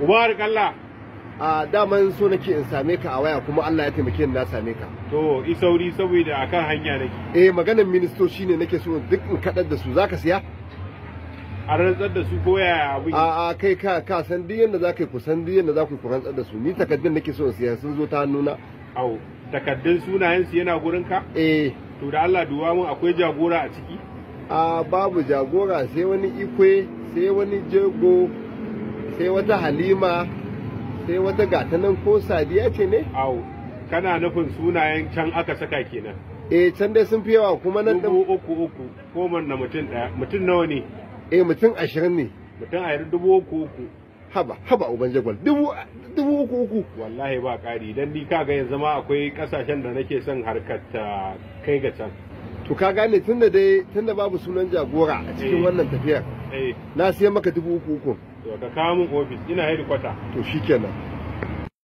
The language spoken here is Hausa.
mubarak Allah a daman so nake in same ka a waya kuma Allah ya taimake ni na same ka to i sauri saboda akan hanya nake eh maganar ministoci ne nake so duk in kadar da su zaka siya a rantsar da su koya abu a a kai ka ka san duk yanda zaka yi ku san duk yanda zaka yi ku rantsar da su ni takaddun nake so in siya sun zo ta nuna. au takaddun sunayen su yana gurin ka eh to da Allah duwa mun akwai jagora a ciki a babu jagora sai wani ikwe sai wani jego sai wata halima sai wata gata nan ko sadiya ce ne au kana nufin sunayen can aka saka kenan eh can dai sun fi yawa kuma nan Dubu uku uku ko na mutum daya mutum nawa ne eh mutum ashirin ne mutum a dubu uku uku haba haba uban jagwal dubu dubu uku uku wallahi ba ƙari dan ni kaga yanzu zama akwai kasashen da nake son harkar ta kai ga can to ka gane tunda dai tunda babu sunan jagora a cikin eh. wannan tafiyar eh. na sai maka dubu uku uku to ka kawo min ofis ina kwata to shikenan